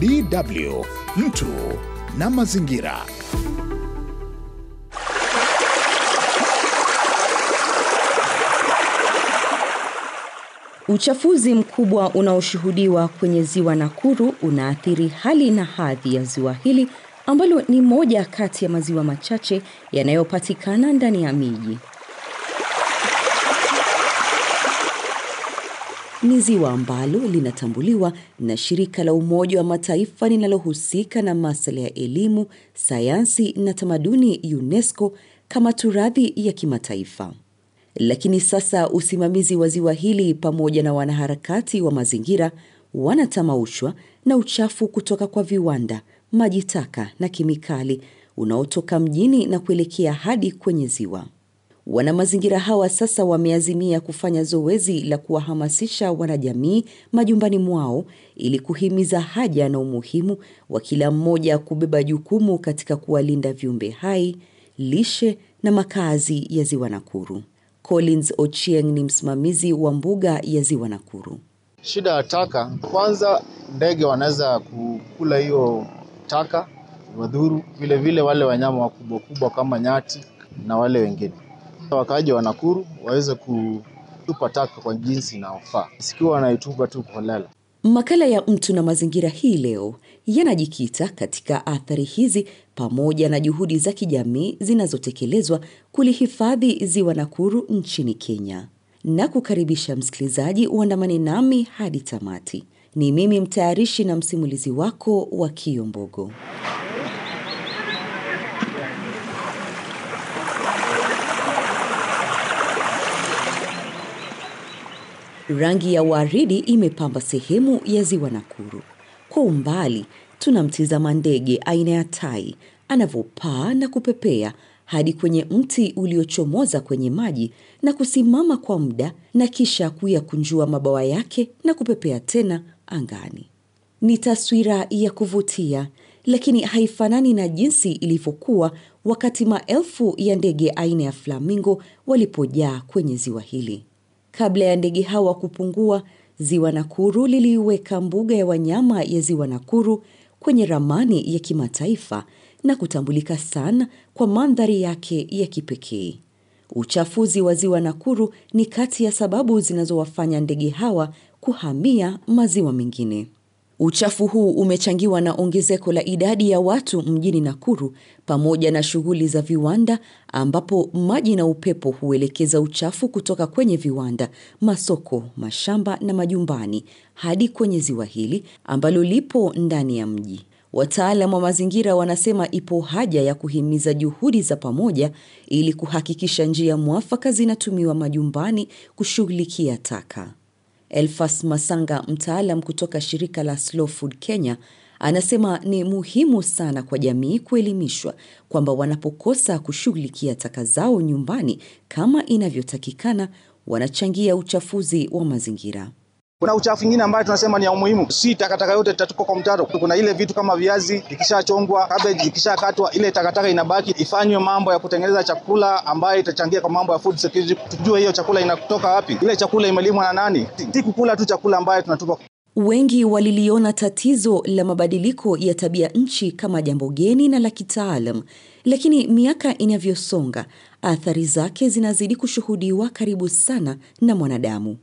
DW mtu na mazingira. Uchafuzi mkubwa unaoshuhudiwa kwenye ziwa Nakuru unaathiri hali na hadhi ya ziwa hili ambalo ni moja kati ya maziwa machache yanayopatikana ndani ya miji. Ni ziwa ambalo linatambuliwa na shirika la Umoja wa Mataifa linalohusika na masala ya elimu, sayansi na tamaduni UNESCO kama turadhi ya kimataifa. Lakini sasa usimamizi wa ziwa hili pamoja na wanaharakati wa mazingira wanatamaushwa na uchafu kutoka kwa viwanda, maji taka na kemikali unaotoka mjini na kuelekea hadi kwenye ziwa. Wanamazingira hawa sasa wameazimia kufanya zoezi la kuwahamasisha wanajamii majumbani mwao ili kuhimiza haja na umuhimu wa kila mmoja kubeba jukumu katika kuwalinda viumbe hai, lishe na makazi ya Ziwa Nakuru. Collins Ochieng ni msimamizi wa mbuga ya Ziwa Nakuru. Shida ya taka, kwanza ndege wanaweza kukula hiyo taka wadhuru, vilevile wale wanyama wakubwa kubwa kama nyati na wale wengine wakaaji wa Nakuru waweze kutupa taka kwa jinsi inayofaa, sikiwa wanaitupa tu holela. Makala ya Mtu na Mazingira hii leo yanajikita katika athari hizi pamoja na juhudi za kijamii zinazotekelezwa kulihifadhi ziwa Nakuru nchini Kenya, na kukaribisha msikilizaji uandamani nami hadi tamati. Ni mimi mtayarishi na msimulizi wako wa Kiyo Mbogo. Rangi ya waridi imepamba sehemu ya ziwa Nakuru. Kwa umbali tunamtizama ndege aina ya tai anavyopaa na kupepea hadi kwenye mti uliochomoza kwenye maji na kusimama kwa muda na kisha kuyakunjua mabawa yake na kupepea tena angani. Ni taswira ya kuvutia lakini haifanani na jinsi ilivyokuwa wakati maelfu ya ndege aina ya flamingo walipojaa kwenye ziwa hili. Kabla ya ndege hawa kupungua, ziwa Nakuru liliiweka mbuga ya wanyama ya ziwa Nakuru kwenye ramani ya kimataifa na kutambulika sana kwa mandhari yake ya kipekee. Uchafuzi wa ziwa Nakuru ni kati ya sababu zinazowafanya ndege hawa kuhamia maziwa mengine. Uchafu huu umechangiwa na ongezeko la idadi ya watu mjini Nakuru pamoja na shughuli za viwanda ambapo maji na upepo huelekeza uchafu kutoka kwenye viwanda, masoko, mashamba na majumbani hadi kwenye ziwa hili ambalo lipo ndani ya mji. wataalam wa mazingira wanasema ipo haja ya kuhimiza juhudi za pamoja ili kuhakikisha njia mwafaka zinatumiwa majumbani kushughulikia taka. Elfas Masanga, mtaalam kutoka shirika la Slow Food Kenya, anasema ni muhimu sana kwa jamii kuelimishwa kwamba wanapokosa kushughulikia taka zao nyumbani kama inavyotakikana, wanachangia uchafuzi wa mazingira. Kuna uchafu mwingine ambayo tunasema ni ya umuhimu, si takataka yote tatupa kwa mtaro. Kuna ile vitu kama viazi ikishachongwa, cabbage ikishakatwa, ile takataka inabaki, ifanywe mambo ya kutengeneza chakula ambayo itachangia kwa mambo ya food security. Tujue hiyo chakula inatoka wapi, ile chakula imelimwa na nani, si kukula tu chakula ambayo tunatupa. Wengi waliliona tatizo la mabadiliko ya tabia nchi kama jambo geni na la kitaalam, lakini miaka inavyosonga, athari zake zinazidi kushuhudiwa karibu sana na mwanadamu.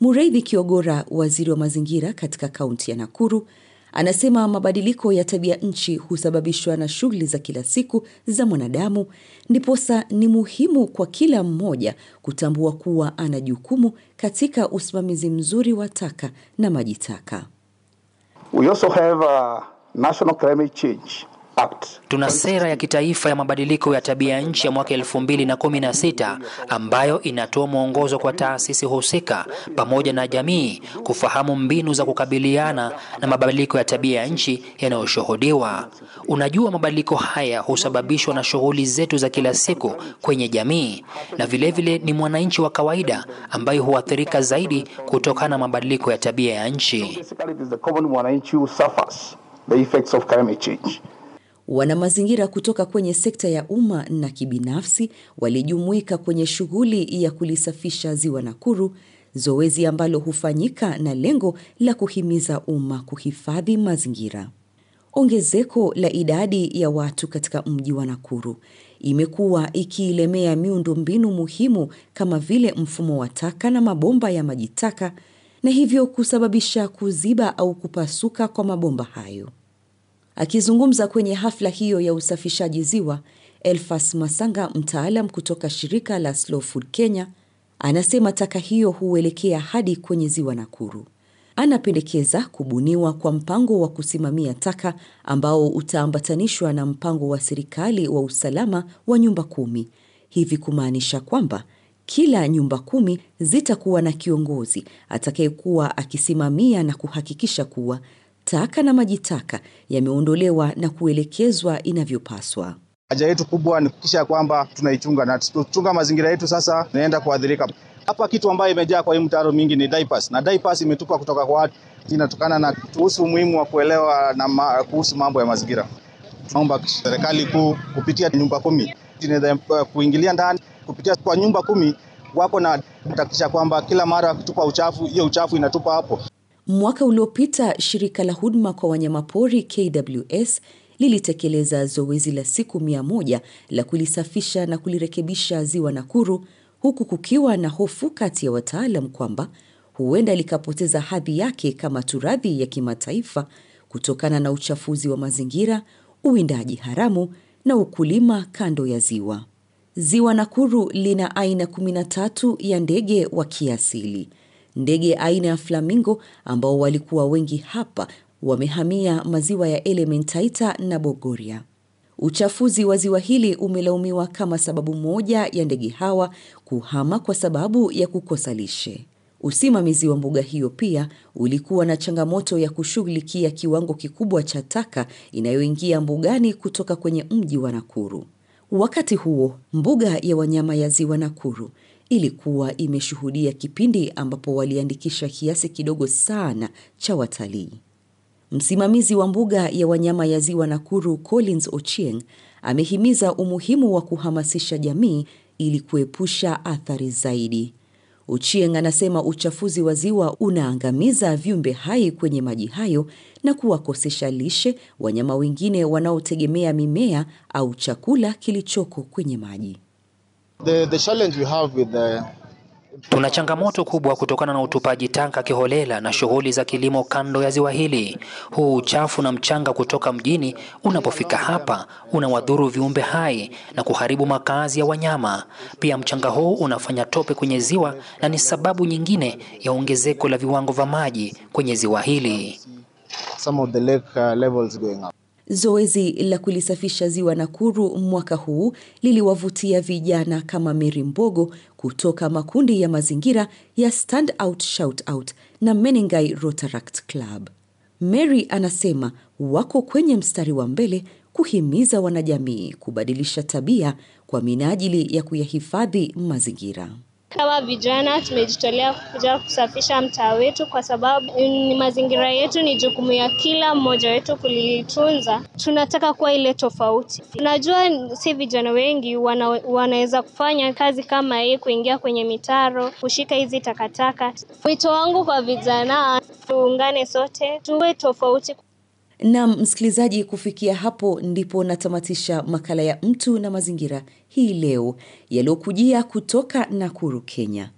Muraidhi Kiogora, waziri wa mazingira katika kaunti ya Nakuru, anasema mabadiliko ya tabia nchi husababishwa na shughuli za kila siku za mwanadamu, ndiposa ni muhimu kwa kila mmoja kutambua kuwa ana jukumu katika usimamizi mzuri wa taka na maji taka. We also have a uh, national climate change Tuna sera ya kitaifa ya mabadiliko ya tabia nchi ya mwaka 2016 ambayo inatoa mwongozo kwa taasisi husika pamoja na jamii kufahamu mbinu za kukabiliana na mabadiliko ya tabia ya nchi yanayoshuhudiwa. Unajua, mabadiliko haya husababishwa na shughuli zetu za kila siku kwenye jamii, na vilevile vile ni mwananchi wa kawaida ambaye huathirika zaidi kutokana na mabadiliko ya tabia ya nchi wana mazingira kutoka kwenye sekta ya umma na kibinafsi walijumuika kwenye shughuli ya kulisafisha ziwa Nakuru, zoezi ambalo hufanyika na lengo la kuhimiza umma kuhifadhi mazingira. Ongezeko la idadi ya watu katika mji wa Nakuru imekuwa ikiilemea miundombinu muhimu kama vile mfumo wa taka na mabomba ya maji taka na hivyo kusababisha kuziba au kupasuka kwa mabomba hayo. Akizungumza kwenye hafla hiyo ya usafishaji ziwa, Elfas Masanga, mtaalam kutoka shirika la Slow Food Kenya, anasema taka hiyo huelekea hadi kwenye ziwa Nakuru. Anapendekeza kubuniwa kwa mpango wa kusimamia taka ambao utaambatanishwa na mpango wa serikali wa usalama wa nyumba kumi, hivi kumaanisha kwamba kila nyumba kumi zitakuwa na kiongozi atakayekuwa akisimamia na kuhakikisha kuwa taka na majitaka yameondolewa na kuelekezwa inavyopaswa. Haja yetu kubwa ni kuhakikisha kwamba tunaichunga na tunachunga mazingira yetu, sasa tunaenda kuadhirika. Hapa kitu ambayo imejaa kwa hii mtaro mingi ni diapers, na diapers imetupa kutoka kwa watu, inatokana na kuhusu umuhimu wa kuelewa na ma, kuhusu mambo ya mazingira. Tunaomba serikali kuu kupitia nyumba kumi inaweza eh, kuingilia ndani kupitia kwa nyumba kumi wako na kuhakikisha kwamba kila mara kutupa uchafu, hiyo uchafu inatupa hapo. Mwaka uliopita shirika la huduma kwa wanyamapori KWS lilitekeleza zoezi la siku mia moja la kulisafisha na kulirekebisha ziwa Nakuru, huku kukiwa na hofu kati ya wataalam kwamba huenda likapoteza hadhi yake kama turadhi ya kimataifa kutokana na uchafuzi wa mazingira, uwindaji haramu na ukulima kando ya ziwa. Ziwa Nakuru lina aina 13 ya ndege wa kiasili. Ndege aina ya flamingo ambao walikuwa wengi hapa wamehamia maziwa ya Elementaita na Bogoria. Uchafuzi wa ziwa hili umelaumiwa kama sababu moja ya ndege hawa kuhama kwa sababu ya kukosa lishe. Usimamizi wa mbuga hiyo pia ulikuwa na changamoto ya kushughulikia kiwango kikubwa cha taka inayoingia mbugani kutoka kwenye mji wa Nakuru. Wakati huo, mbuga ya wanyama ya Ziwa Nakuru ilikuwa imeshuhudia kipindi ambapo waliandikisha kiasi kidogo sana cha watalii. Msimamizi wa mbuga ya wanyama ya Ziwa Nakuru Collins Ochieng amehimiza umuhimu wa kuhamasisha jamii ili kuepusha athari zaidi. Ochieng anasema uchafuzi wa ziwa unaangamiza viumbe hai kwenye maji hayo na kuwakosesha lishe wanyama wengine wanaotegemea mimea au chakula kilichoko kwenye maji. The, the challenge we have with the... Tuna changamoto kubwa kutokana na utupaji taka kiholela na shughuli za kilimo kando ya ziwa hili. Huu uchafu na mchanga kutoka mjini unapofika hapa unawadhuru viumbe hai na kuharibu makazi ya wanyama. Pia mchanga huu unafanya tope kwenye ziwa na ni sababu nyingine ya ongezeko la viwango vya maji kwenye ziwa hili. Some of the lake uh, levels going up. Zoezi la kulisafisha ziwa Nakuru mwaka huu liliwavutia vijana kama Mary Mbogo kutoka makundi ya mazingira ya Stand Out Shout Out na Meningai Rotaract Club. Mary anasema wako kwenye mstari wa mbele kuhimiza wanajamii kubadilisha tabia kwa minajili ya kuyahifadhi mazingira. Kama vijana tumejitolea kuja kusafisha mtaa wetu, kwa sababu ni mazingira yetu, ni jukumu ya kila mmoja wetu kulitunza. Tunataka kuwa ile tofauti. Tunajua si vijana wengi wana, wanaweza kufanya kazi kama hii, kuingia kwenye mitaro, kushika hizi takataka. Wito wangu kwa vijana, tuungane sote, tuwe tofauti na msikilizaji, kufikia hapo ndipo natamatisha makala ya mtu na mazingira hii leo yaliyokujia kutoka Nakuru, Kenya.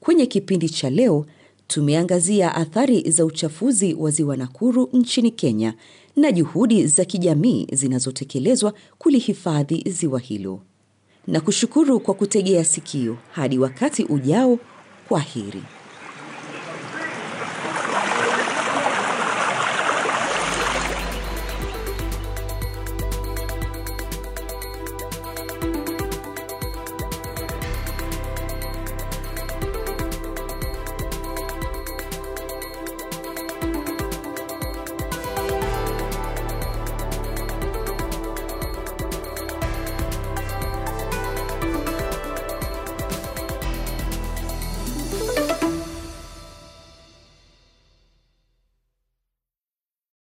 Kwenye kipindi cha leo tumeangazia athari za uchafuzi wa ziwa Nakuru nchini Kenya na juhudi za kijamii zinazotekelezwa kulihifadhi ziwa hilo. Na kushukuru kwa kutegea sikio. Hadi wakati ujao, kwa heri.